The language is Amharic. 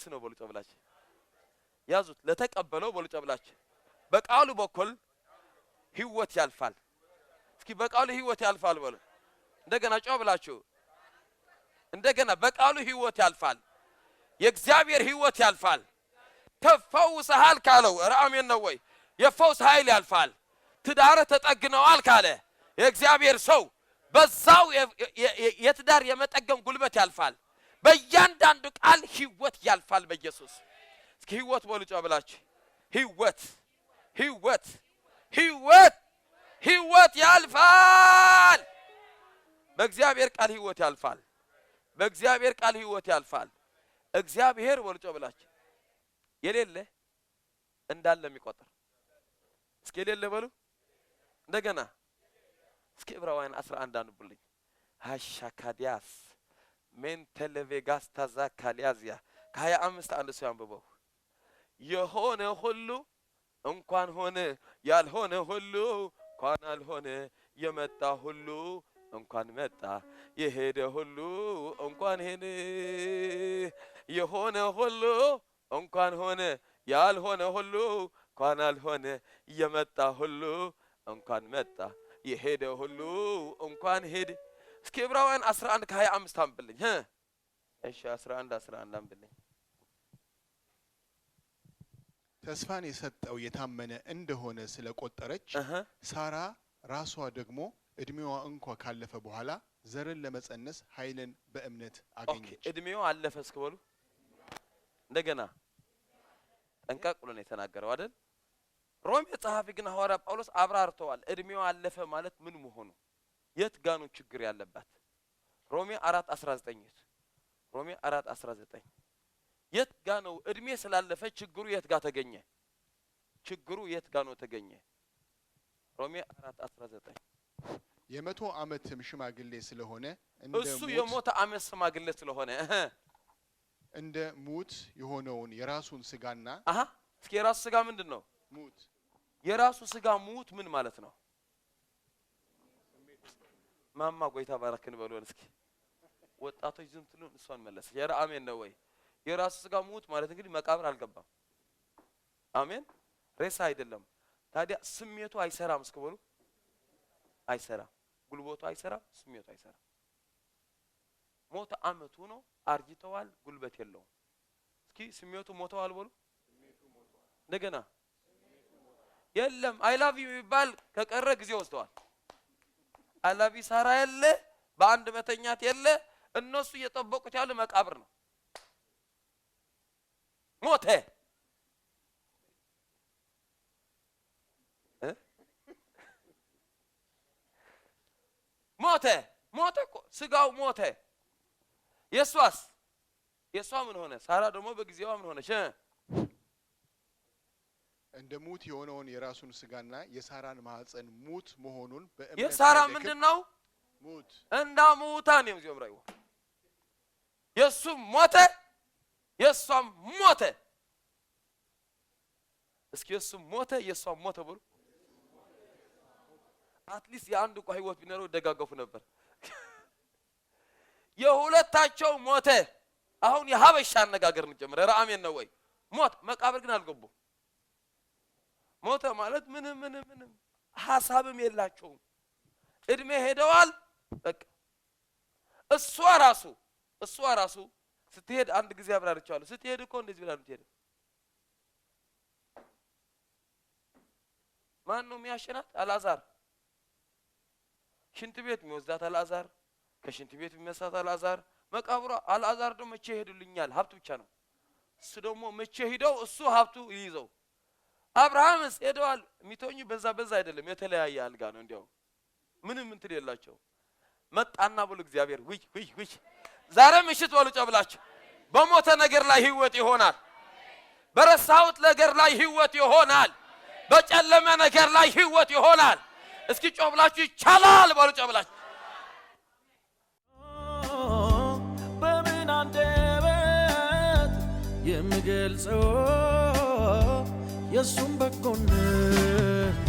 መልስ ነው። በሉጫ ብላች ያዙት። ለተቀበለው በሉጫ ብላች በቃሉ በኩል ህይወት ያልፋል። እስኪ በቃሉ ህይወት ያልፋል በሉ። እንደገና ጮ ብላችሁ እንደገና በቃሉ ህይወት ያልፋል። የእግዚአብሔር ህይወት ያልፋል። ተፈውሰሃል ካለው ራአሜን ነው ወይ የፈውስ ኃይል ያልፋል። ትዳር ተጠግነዋል ካለ የእግዚአብሔር ሰው በዛው የትዳር የመጠገም ጉልበት ያልፋል። በእያንዳንዱ ቃል ህይወት ያልፋል። በኢየሱስ እስኪ ህይወት ወልጮ ብላችሁ ህይወት ህይወት ህይወት ህይወት ያልፋል። በእግዚአብሔር ቃል ህይወት ያልፋል። በእግዚአብሔር ቃል ህይወት ያልፋል። እግዚአብሔር ወልጮ ብላችሁ የሌለ እንዳለ የሚቆጥር እስኪ የሌለ በሉ እንደገና እስኪ ዕብራውያን 11 አንብልኝ አሻካዲያስ ሜንተለቬጋስ ታዛ ካሊያዚያ ከሀያ አምስት አንድ ሰው አንብበው የሆነ ሁሉ እንኳን ሆነ፣ ያልሆነ ሁሉ እንኳን አልሆነ፣ የመጣ ሁሉ እንኳን መጣ፣ የሄደ ሁሉ እንኳን ሄደ። የሆነ ሁሉ እንኳን ሆነ፣ ያልሆነ ሁሉ እንኳን አልሆነ፣ የመጣ ሁሉ እንኳን መጣ፣ የሄደ ሁሉ እንኳን ሄደ። እስኪ ዕብራውያን 11 ከ25 አንብልኝ። እሺ 11 11 አንብልኝ። ተስፋን የሰጠው የታመነ እንደሆነ ስለቆጠረች ሳራ ራሷ ደግሞ እድሜዋ እንኳ ካለፈ በኋላ ዘርን ለመጸነስ ኃይልን በእምነት አገኘች። እድሜዋ አለፈ እስክበሉ እንደገና ጠንቀቅ ብሎ ነው የተናገረው አይደል? ሮሜ ጸሐፊ ግን ሐዋርያ ጳውሎስ አብራርተዋል። እድሜዋ አለፈ ማለት ምን መሆኑ የት ጋኑ ነው ችግር ያለባት? ሮሜ አራት አስራ ዘጠኝ ሮሜ አራት አስራ ዘጠኝ የት ጋ ነው እድሜ ስላለፈ ችግሩ የት ጋ ተገኘ? ችግሩ የት ጋ ነው ተገኘ? ሮሜ አራት አስራ ዘጠኝ የመቶ አመትም ሽማግሌ ስለሆነ እሱ የሞተ አመት ሽማግሌ ስለሆነ እንደ ሙት የሆነውን የራሱን ስጋና አሀ እስኪ የራሱ ስጋ ምንድን ነው? ሙት የራሱ ስጋ ሙት ምን ማለት ነው? ማማ ጎይታ ባረክን በሉን እስኪ ወጣቶች ዝም ትሉን እሷን መለሰች። ኧረ አሜን ነው ወይ? የራሱ ስጋ ሙት ማለት እንግዲህ መቃብር አልገባም። አሜን ሬሳ አይደለም። ታዲያ ስሜቱ አይሰራም። እስኪ አይሰራም፣ ጉልበቱ አይሰራም፣ ስሜቱ አይሰራም። ሞተ አመቱ ነው። አርጅተዋል፣ ጉልበት የለውም። እስኪ ስሜቱ ሞተዋል በሉ እንደገና። የለም አይላቭ የሚባል ከቀረ ጊዜ ወስደዋል። አላቢ ሳራ የለ በአንድ መተኛት የለ። እነሱ እየጠበቁት ያሉ መቃብር ነው። ሞተ ሞተ ሞተ እኮ ስጋው ሞተ። የእሷስ የእሷ ምን ሆነ? ሳራ ደግሞ በጊዜዋ ምን ሆነች? እንደ ሙት የሆነውን የራሱን ስጋና የሳራን ማህፀን ሙት መሆኑን በእምነት የሳራ ምንድን ነው? ሙት እንዳ ሙታ ነው ጀምራዩ የሱ ሞተ የሷም ሞተ። እስኪ የሱ ሞተ የሷም ሞተ ብሎ አትሊስት የአንድ እንኳ ህይወት ቢኖረው ይደጋገፉ ነበር። የሁለታቸው ሞተ። አሁን የሀበሻ አነጋገር እንጀምር። ራአሜን ነው ወይ ሞት መቃብር ግን አልገቡ ሞተ ማለት ምንም ምንም ምንም ሀሳብም የላቸውም። እድሜ ሄደዋል። በቃ እሷ ራሱ እሷ ራሱ ስትሄድ አንድ ጊዜ አብራርቻለሁ። ስትሄድ እኮ እንደዚህ ብላ የምትሄደው ማን ነው የሚያሸናት? አላዛር ሽንት ቤት የሚወስዳት አልዓዛር፣ ከሽንት ቤት የሚመሳት አላዛር መቃብሯ አላዛር ደግሞ መቼ ይሄዱልኛል? ሀብቱ ብቻ ነው እሱ ደግሞ መቼ ሂደው እሱ ሀብቱ ይይዘው አብርሃምስ ሄደዋል። የሚተኙ በዛ በዛ አይደለም፣ የተለያየ አልጋ ነው። እንዲያው ምንም እንትን የላቸው። መጣና ብሎ እግዚአብሔር ውይ ውይ ውይ፣ ዛሬ ምሽት በሉ ጨብላችሁ። በሞተ ነገር ላይ ህይወት ይሆናል። በረሳሁት ነገር ላይ ህይወት ይሆናል። በጨለመ ነገር ላይ ህይወት ይሆናል። እስኪ ጨብላችሁ ይቻላል በሉ ጨብላችሁ በምን አንደበት የምገልጸው Yo zumba con él.